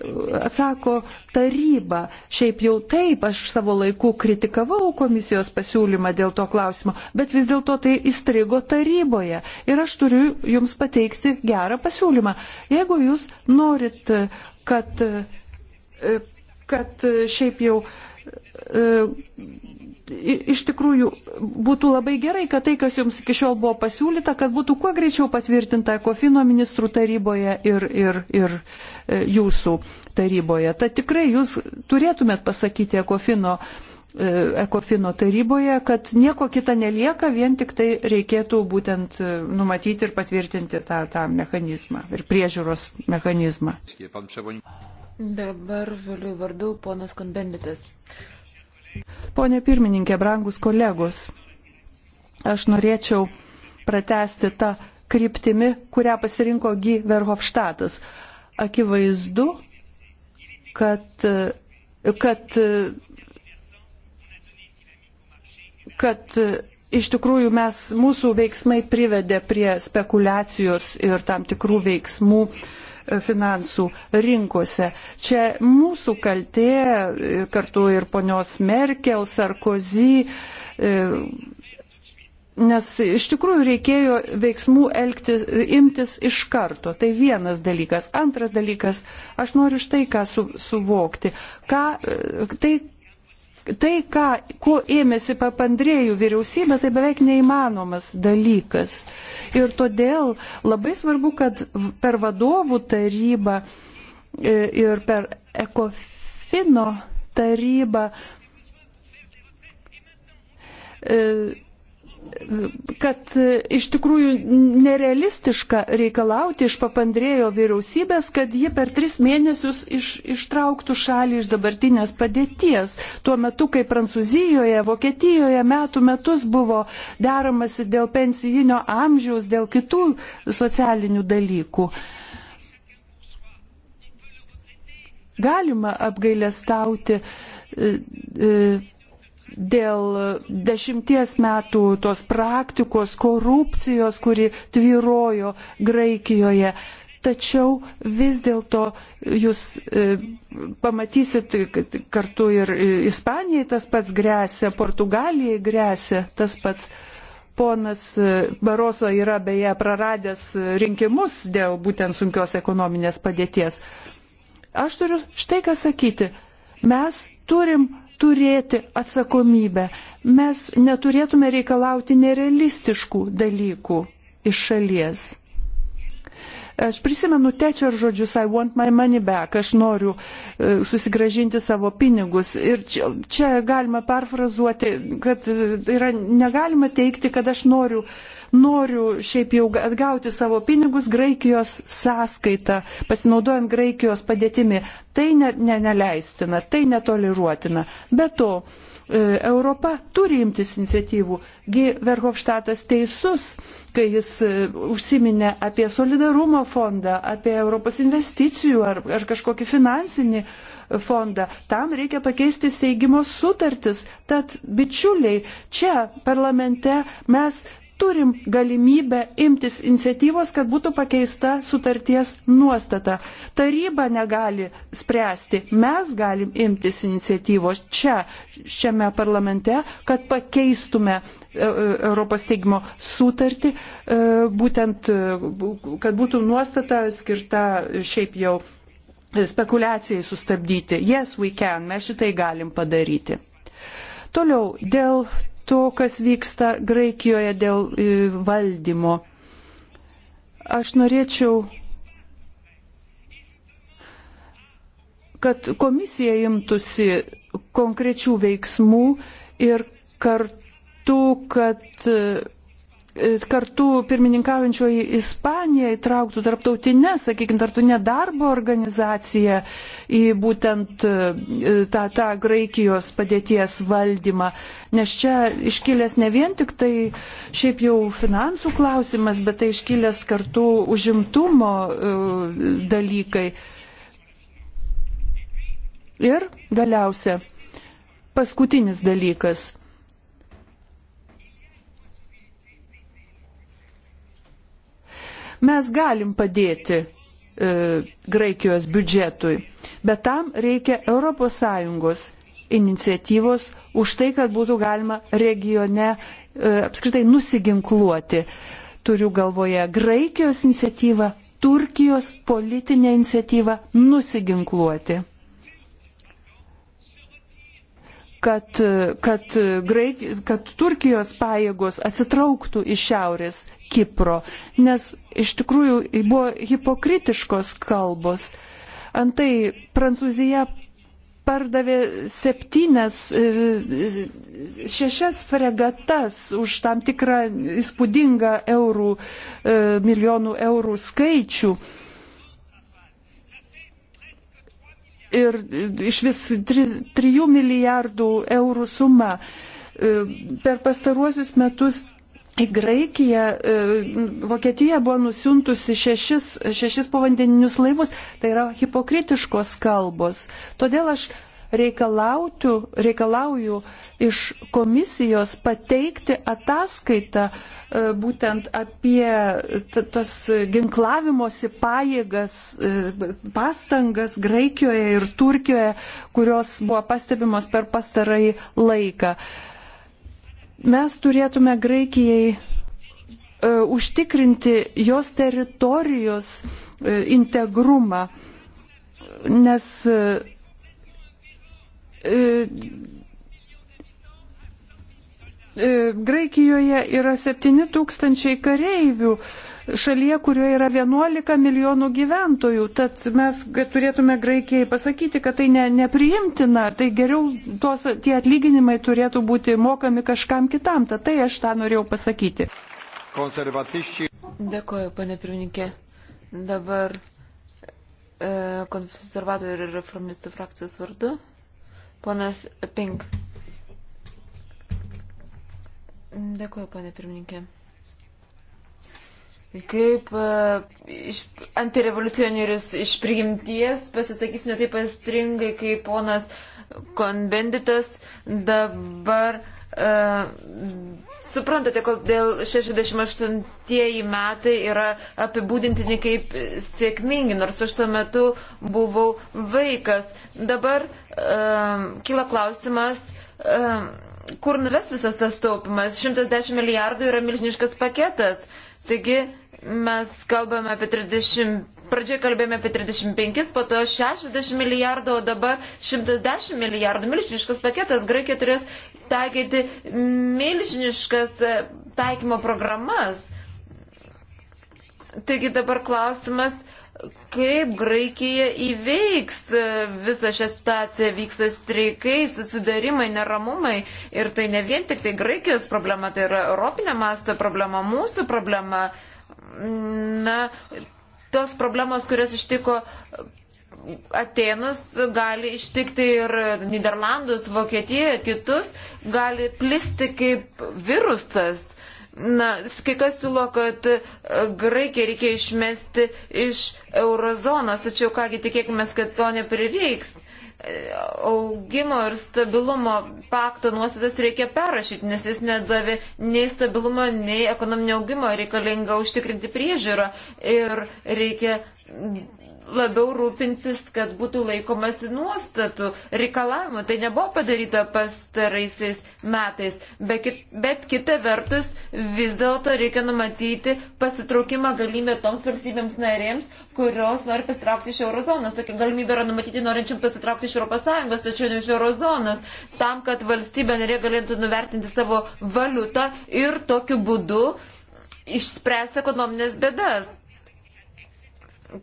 atsako taryba. Šiaip jau taip, aš savo laiku kritikavau komisijos pasiūlymą dėl to klausimo, bet vis dėlto tai įstrigo taryboje. Ir aš turiu jums pateikti gerą pasiūlymą. Jeigu jūs norit, kad, e, kad šiaip jau e, iš tikrųjų būtų labai gerai, kad tai, kas jums iki šiol buvo pasiūlyta, kad būtų kuo greičiau patvirtinta Ekofino ministrų taryboje ir, ir, ir e, jūsų taryboje. Tad tikrai jūs turėtumėt pasakyti Ekofino, e, Ekofino taryboje, kad nieko kita nelieka, vien tik tai reikėtų būtent e, numatyti ir patvirtinti tą, tą mechanizmą ir priežiūros mechanizmą. Dabar valiu vardu ponas Konbenditas. Pone pirmininkė, brangus kolegos, aš norėčiau pratesti tą kryptimi, kurią pasirinko G. Verhofštatas. Akivaizdu, kad, kad, kad iš tikrųjų mes, mūsų veiksmai privedė prie spekulacijos ir tam tikrų veiksmų uh, finansų rinkose. Čia mūsų kaltė e, kartu ir ponios Merkel, Sarkozy e, nes iš tikrųjų reikėjo veiksmų elgti, e, imtis iš karto. Tai vienas dalykas. Antras dalykas, aš noriu štai ką su, suvokti. Ką, tai, Tai, ką, ko ėmėsi papandrėjų vyriausybė, tai beveik neįmanomas dalykas. Ir todėl labai svarbu, kad per vadovų tarybą e, ir per ekofino tarybą e, kad e, iš tikrųjų nerealistiška reikalauti iš papandrėjo vyriausybės, kad ji per tris mėnesius iš, ištrauktų šalį iš dabartinės padėties. Tuo metu, kai Prancūzijoje, Vokietijoje metų metus buvo deramasi dėl pensijinio amžiaus, dėl kitų socialinių dalykų. Galima apgailestauti. E, e, dėl dešimties metų tos praktikos korupcijos, kuri tvyrojo Graikijoje. Tačiau vis dėlto jūs e, pamatysit, kad kartu ir Ispanijai tas pats grėsia, Portugalijai grėsia tas pats. Ponas e, Baroso yra beje praradęs rinkimus dėl būtent sunkios ekonominės padėties. Aš turiu štai ką sakyti. Mes turim turėti atsakomybę. Mes neturėtume reikalauti nerealistiškų dalykų iš šalies. Aš prisimenu Tečer žodžius I want my money back, aš noriu e, susigražinti savo pinigus. Ir čia, čia galima perfrazuoti, kad e, yra, negalima teikti, kad aš noriu, noriu šiaip jau atgauti savo pinigus Graikijos sąskaitą, pasinaudojant Graikijos padėtimi. Tai ne, ne, neleistina, tai netoleruotina. Be to, E, Europa turi imtis iniciatyvų. Gi Verhofštatas teisus, kai jis e, užsiminė apie solidarumo fondą, apie Europos investicijų ar, ar kažkokį finansinį fondą. Tam reikia pakeisti steigimo sutartis. Tad, bičiuliai, čia parlamente mes turim galimybę imtis iniciatyvos, kad būtų pakeista sutarties nuostata. Taryba negali spręsti, mes galim imtis iniciatyvos čia, šiame parlamente, kad pakeistume e, e, Europos teigimo sutartį, e, būtent, kad būtų nuostata skirta šiaip jau spekulacijai sustabdyti. Yes, we can, mes šitai galim padaryti. Toliau, dėl to, kas vyksta Graikijoje dėl e, valdymo. Aš norėčiau, kad komisija imtųsi konkrečių veiksmų ir kartu, kad e, kartu pirmininkaujančioji Ispanija įtrauktų tarptautinę, sakykime, tarptautinę darbo organizaciją į būtent e, tą, tą Graikijos padėties valdymą. Nes čia iškilęs ne vien tik tai šiaip jau finansų klausimas, bet tai iškilęs kartu užimtumo e, dalykai. Ir galiausia, paskutinis dalykas Mes galim padėti e, Graikijos biudžetui, bet tam reikia ES iniciatyvos už tai, kad būtų galima regione e, apskritai nusiginkluoti. Turiu galvoje Graikijos iniciatyvą, Turkijos politinę iniciatyvą nusiginkluoti kad, kad, Graik, kad Turkijos pajėgos atsitrauktų iš šiaurės Kipro, nes iš tikrųjų buvo hipokritiškos kalbos. Antai Prancūzija pardavė septynes, e, šešias fregatas už tam tikrą įspūdingą eurų, e, milijonų eurų skaičių. ir iš vis 3 milijardų eurų suma e, per pastaruosius metus Į Graikiją e, Vokietija buvo nusiuntusi šešis, šešis povandeninius laivus, tai yra hipokritiškos kalbos. Todėl aš reikalauju iš komisijos pateikti ataskaitą e, būtent apie tas ginklavimosi pajėgas, e, pastangas Graikijoje ir Turkijoje, kurios buvo pastebimos per pastarąjį laiką. Mes turėtume Graikijai e, užtikrinti jos teritorijos integrumą, nes E, e, Graikijoje yra 7 tūkstančiai kareivių šalyje, kurioje yra 11 milijonų gyventojų. Tad mes turėtume Graikijai pasakyti, kad tai ne, nepriimtina, tai geriau tos, tie atlyginimai turėtų būti mokami kažkam kitam. Tad tai aš tą norėjau pasakyti. Konservatiščiai. Dėkuoju, pane pirmininkė. Dabar e, konservatorių ir reformistų frakcijos vardu Ponas Pink. Dėkuoju, ponė pirmininkė. Kaip e, iš, antirevoliucionierius iš prigimties pasisakysiu ne taip astringai, kaip ponas Konbenditas dabar. Uh, suprantate, kodėl 68-ieji metai yra apibūdintini kaip sėkmingi, nors aš tuo metu buvau vaikas. Dabar Ehm, kyla klausimas, ehm, kur nuves visas tas taupimas. 110 milijardų yra milžiniškas paketas. Taigi mes kalbame apie 30, pradžioje kalbėjome apie 35, po to 60 milijardų, o dabar 110 milijardų. Milžiniškas paketas. Graikija turės taikyti milžiniškas e, taikymo programas. Taigi dabar klausimas, kaip Graikija įveiks e, visą šią situaciją, vyksta streikai, susidarimai, neramumai. Ir tai ne vien tik tai Graikijos problema, tai yra Europinė masto problema, mūsų problema. Na, tos problemos, kurios ištiko Atenus, gali ištikti ir Niderlandus, Vokietiją, kitus, gali plisti kaip virusas. Na, kai kas siūlo, kad e, Graikiją reikia išmesti iš eurozonos, tačiau kągi tikėkime, kad to neprireiks. E, augimo ir stabilumo pakto nuostatas reikia perrašyti, nes jis nedavė nei stabilumo, nei ekonominio augimo reikalinga užtikrinti priežiūrą ir reikia labiau rūpintis, kad būtų laikomasi nuostatų reikalavimų. Tai nebuvo padaryta pastaraisiais metais. Be kit, bet kita vertus, vis dėlto reikia numatyti pasitraukimą galimybę toms valstybėms narėms, kurios nori pasitraukti iš eurozonos. Tokia galimybė yra numatyti norinčiam pasitraukti iš ES, tačiau ne iš eurozonos, tam, kad valstybė narė galėtų nuvertinti savo valiutą ir tokiu būdu išspręsti ekonominės bėdas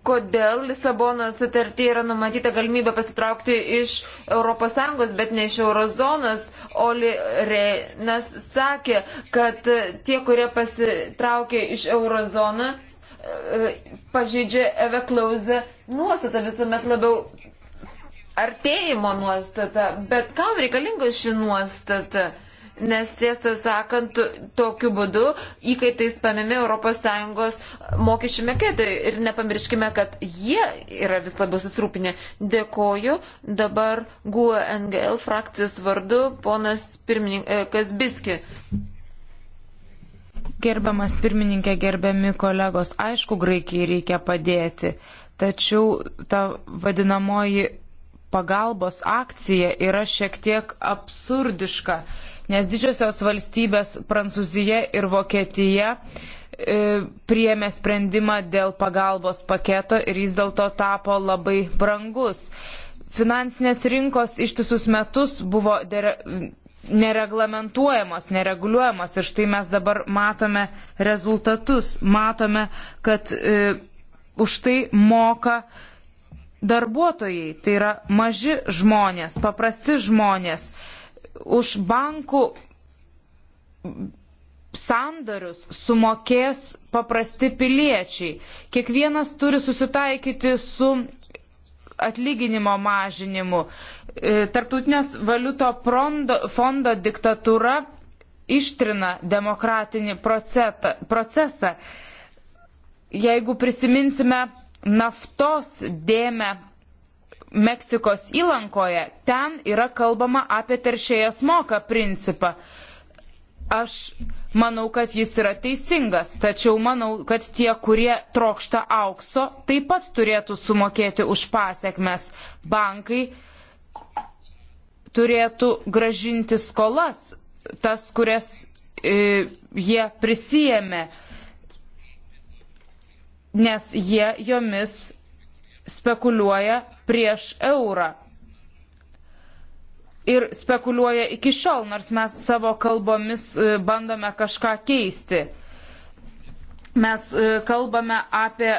kodėl Lisabono sutartį yra numatyta galimybė pasitraukti iš ES, bet ne iš eurozonos. Oli Reinas sakė, kad tie, kurie pasitraukė iš eurozoną, e, pažeidžia Eve Klauze nuostatą visuomet labiau artėjimo nuostatą. Bet kam reikalinga ši nuostata? nes tiesą sakant, tokiu būdu įkaitais pamimi ES mokesčių mokėtojai. Ir nepamirškime, kad jie yra vis labiau susirūpinę. Dėkoju. Dabar GUE NGL frakcijos vardu ponas pirmininkas e, Biski. Gerbiamas pirmininkė, gerbiami kolegos, aišku, Graikijai reikia padėti, tačiau ta vadinamoji pagalbos akcija yra šiek tiek absurdiška nes didžiosios valstybės Prancūzija ir Vokietija e, priėmė sprendimą dėl pagalbos paketo ir jis dėl to tapo labai brangus. Finansinės rinkos ištisus metus buvo dere, nereglamentuojamos, nereguliuojamos ir štai mes dabar matome rezultatus. Matome, kad e, už tai moka darbuotojai, tai yra maži žmonės, paprasti žmonės. E, už bankų sandorius sumokės paprasti piliečiai. Kiekvienas turi susitaikyti su atlyginimo mažinimu. E, tarptautinės valiuto fondo diktatūra ištrina demokratinį procesą. Jeigu prisiminsime naftos dėmę Meksikos įlankoje, ten yra kalbama apie teršėjas moka principą. Aš manau, kad jis yra teisingas, tačiau manau, kad tie, kurie trokšta aukso, taip pat turėtų sumokėti už pasiekmes. Bankai turėtų gražinti skolas, tas, kurias e, jie prisijėmė, nes jie jomis spekuliuoja prieš eurą. Ir spekuliuoja iki šiol, nors mes savo kalbomis e, bandome kažką keisti. Mes e, kalbame apie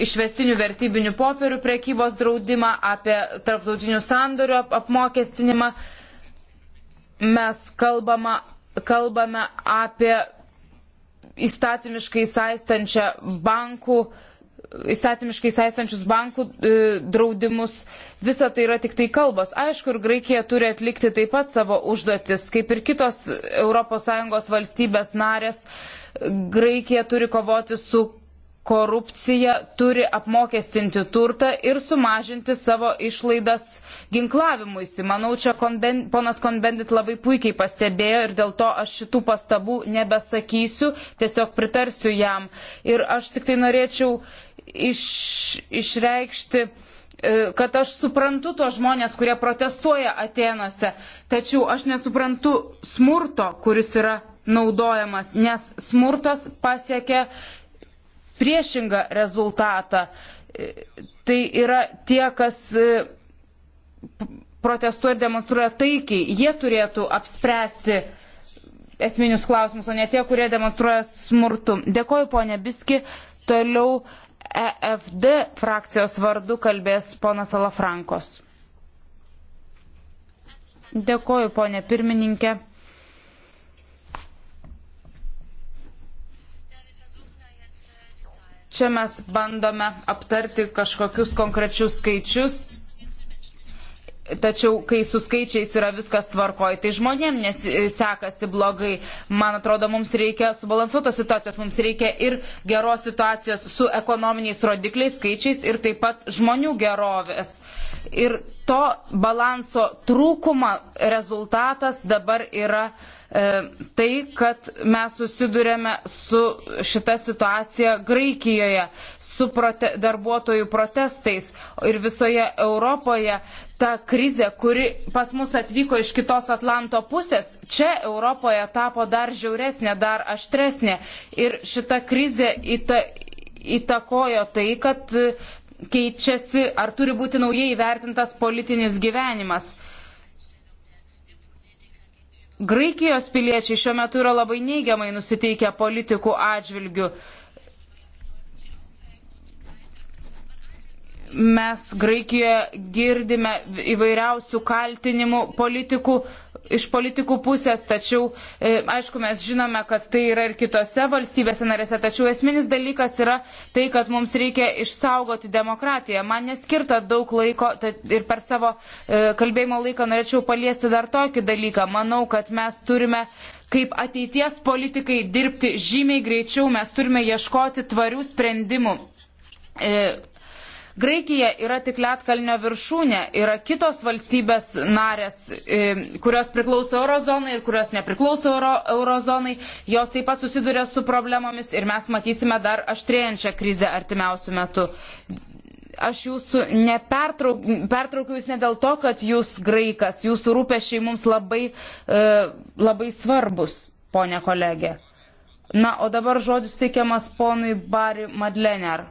išvestinių vertybinių popierių prekybos draudimą, apie tarptautinių sandorių apmokestinimą. Mes kalbama, kalbame apie įstatymiškai saistančią bankų uh, įstatymiškai saistančius bankų e, draudimus. Visa tai yra tik tai kalbos. Aišku, ir Graikija turi atlikti taip pat savo užduotis, kaip ir kitos ES valstybės narės. Graikija turi kovoti su korupcija, turi apmokestinti turtą ir sumažinti savo išlaidas ginklavimuisi. Manau, čia konben, ponas Konbendit labai puikiai pastebėjo ir dėl to aš šitų pastabų nebesakysiu, tiesiog pritarsiu jam. Ir aš tik tai norėčiau iš, išreikšti, e, kad aš suprantu tos žmonės, kurie protestuoja Atenose, tačiau aš nesuprantu smurto, kuris yra naudojamas, nes smurtas pasiekia priešingą rezultatą. E, tai yra tie, kas e, protestuoja ir demonstruoja taikiai, jie turėtų apspręsti esminius klausimus, o ne tie, kurie demonstruoja smurtu. Dėkoju, ponė Biski. Toliau EFD frakcijos vardu kalbės ponas Alafrankos. Dėkoju, ponė pirmininkė. Čia mes bandome aptarti kažkokius konkrečius skaičius, Tačiau, kai su skaičiais yra viskas tvarkoj, tai žmonėm nes, e, sekasi blogai. Man atrodo, mums reikia subalansuotos situacijos, mums reikia ir geros situacijos su ekonominiais rodikliais, skaičiais ir taip pat žmonių gerovės. Ir to balanso trūkumo rezultatas dabar yra uh, E, tai, kad mes susidurėme su šita situacija Graikijoje, su prote darbuotojų protestais ir visoje Europoje ta krizė, kuri pas mus atvyko iš kitos Atlanto pusės, čia Europoje tapo dar žiauresnė, dar aštresnė. Ir šita krizė įta, įtakojo tai, kad keičiasi ar turi būti naujai įvertintas politinis gyvenimas. Graikijos piliečiai šiuo metu yra labai neigiamai nusiteikę politikų atžvilgių. Mes Graikijoje girdime įvairiausių kaltinimų politikų iš politikų pusės, tačiau e, aišku mes žinome, kad tai yra ir kitose valstybėse narėse, tačiau esminis dalykas yra tai, kad mums reikia išsaugoti demokratiją. Man neskirta daug laiko ir per savo e, kalbėjimo laiką norėčiau paliesti dar tokį dalyką. Manau, kad mes turime kaip ateities politikai dirbti žymiai greičiau, mes turime ieškoti tvarių sprendimų. E, Graikija yra tik Lietkalnio viršūnė, yra kitos valstybės narės, e, kurios priklauso eurozonai ir kurios nepriklauso euro, eurozonai, jos taip pat susiduria su problemomis ir mes matysime dar aštrėjančią krizę artimiausių metų. Aš jūsų nepertraukiu jūs ne dėl to, kad jūs graikas, jūsų rūpešiai mums labai, e, labai svarbus, ponė kolegė. Na, o dabar žodis teikiamas ponui Bari Madlener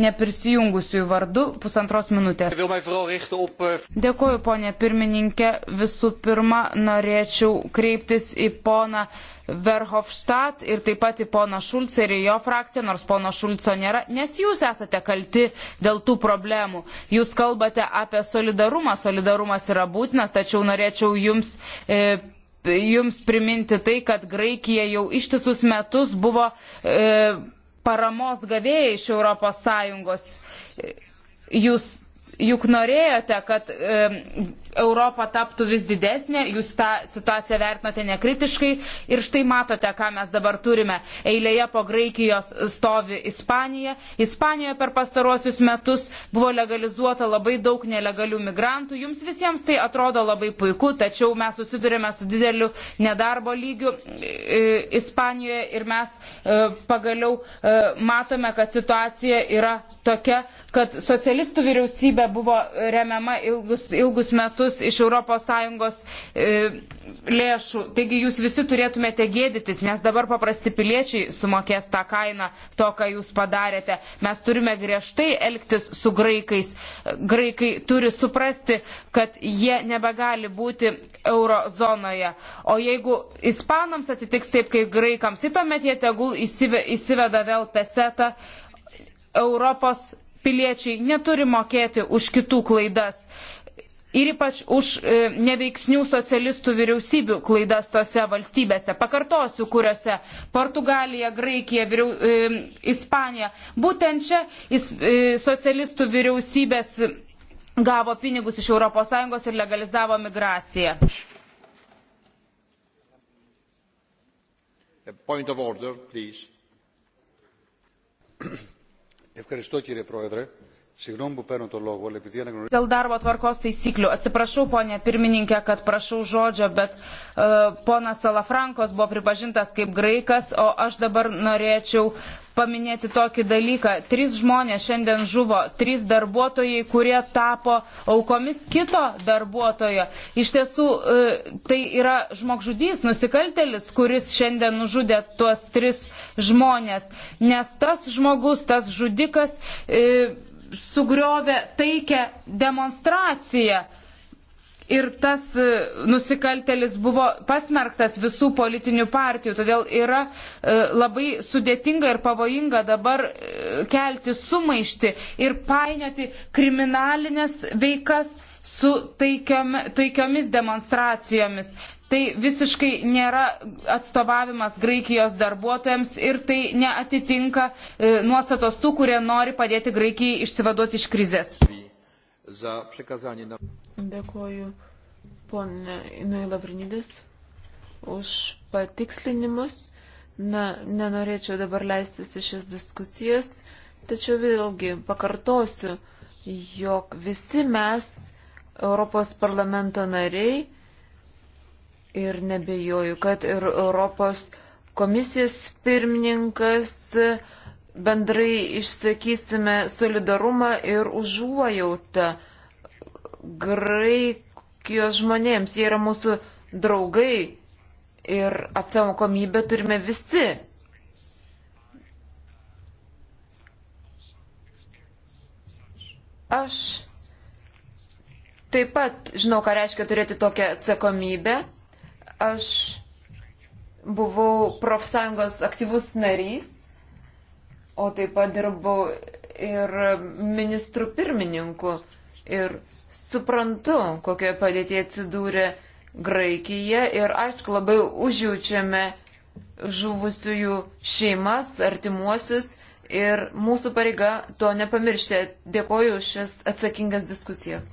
neprisijungusiųjų vardu pusantros minutės. Eh, Dėkuoju, ponė pirmininkė. Visų pirma, norėčiau kreiptis į poną Verhofstadt ir taip pat į poną Šulcą ir į jo frakciją, nors pono Šulco nėra, nes jūs esate kalti dėl tų problemų. Jūs kalbate apie solidarumą, solidarumas yra būtinas, tačiau norėčiau jums. E, Jums priminti tai, kad Graikija jau ištisus metus buvo e, paramos gavėjai iš ES. Jūs juk norėjote, kad e, Europa taptų vis didesnė, jūs tą situaciją vertinote nekritiškai ir štai matote, ką mes dabar turime. Eilėje po Graikijos stovi Ispanija. Ispanijoje per pastaruosius metus buvo legalizuota labai daug nelegalių migrantų. Jums visiems tai atrodo labai puiku, tačiau mes susidurėme su dideliu nedarbo lygiu e, e, Ispanijoje ir mes e, pagaliau matome, kad situacija yra tokia, kad socialistų vyriausybė buvo remiama ilgus, ilgus metus metus iš ES e, lėšų. Taigi jūs visi turėtumėte gėdytis, nes dabar paprasti piliečiai sumokės tą kainą to, ką jūs padarėte. Mes turime griežtai elgtis su graikais. Graikai turi suprasti, kad jie nebegali būti eurozonoje. O jeigu ispanams atsitiks taip kaip graikams, tai tuomet jie tegul įsiveda vėl pesetą. Europos piliečiai neturi mokėti už kitų klaidas ir ypač už e, neveiksnių socialistų vyriausybių klaidas tose valstybėse. Pakartosiu, kuriuose Portugalija, Graikija, vyriau, e, Ispanija. Būtent čia e, socialistų vyriausybės gavo pinigus iš ES ir legalizavo migraciją. Order, κύριε Πρόεδρε, Dėl darbo tvarkos taisyklių. Atsiprašau, ponė pirmininkė, kad prašau žodžio, bet uh, ponas Salafrankos buvo pripažintas kaip graikas, o aš dabar norėčiau paminėti tokį dalyką. Trys žmonės šiandien žuvo, trys darbuotojai, kurie tapo aukomis kito darbuotojo. Iš tiesų, uh, tai yra žmogžudys, nusikaltelis, kuris šiandien nužudė tuos tris žmonės. Nes tas žmogus, tas žudikas. Uh, sugriovė taikę demonstraciją. Ir tas e, nusikaltelis buvo pasmerktas visų politinių partijų, todėl yra e, labai sudėtinga ir pavojinga dabar e, kelti sumaišti ir painioti kriminalinės veikas su taikiom, taikiomis demonstracijomis. Tai visiškai nėra atstovavimas Graikijos darbuotojams ir tai neatitinka e, nuostatos tų, kurie nori padėti Graikijai išsivaduoti iš krizės. Dėkuoju ponė Inui Lavrinidis už patikslinimus. Na, nenorėčiau dabar leistis į šias diskusijas, tačiau vėlgi pakartosiu, jog visi mes, Europos parlamento nariai, Ir nebejoju, kad ir Europos komisijos pirmininkas bendrai išsakysime solidarumą ir užuojautą Graikijos žmonėms. Jie yra mūsų draugai ir atsakomybę turime visi. Aš taip pat žinau, ką reiškia turėti tokią atsakomybę Aš buvau profsąjungos aktyvus narys, o taip pat dirbau ir ministrų pirmininku. Ir suprantu, kokioje padėtėje atsidūrė Graikija ir aišku labai užjaučiame žuvusiųjų šeimas, artimuosius ir mūsų pareiga to nepamiršti. Dėkoju už šias atsakingas diskusijas.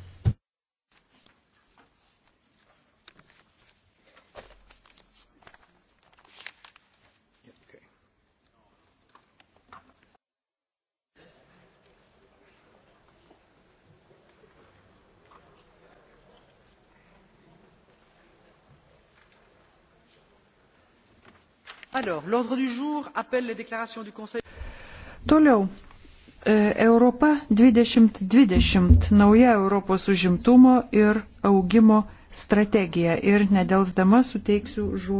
Toliau. E, Europa 2020 nauja Europos užimtumo ir augimo strategija. Ir nedelsdama suteiksiu žodį.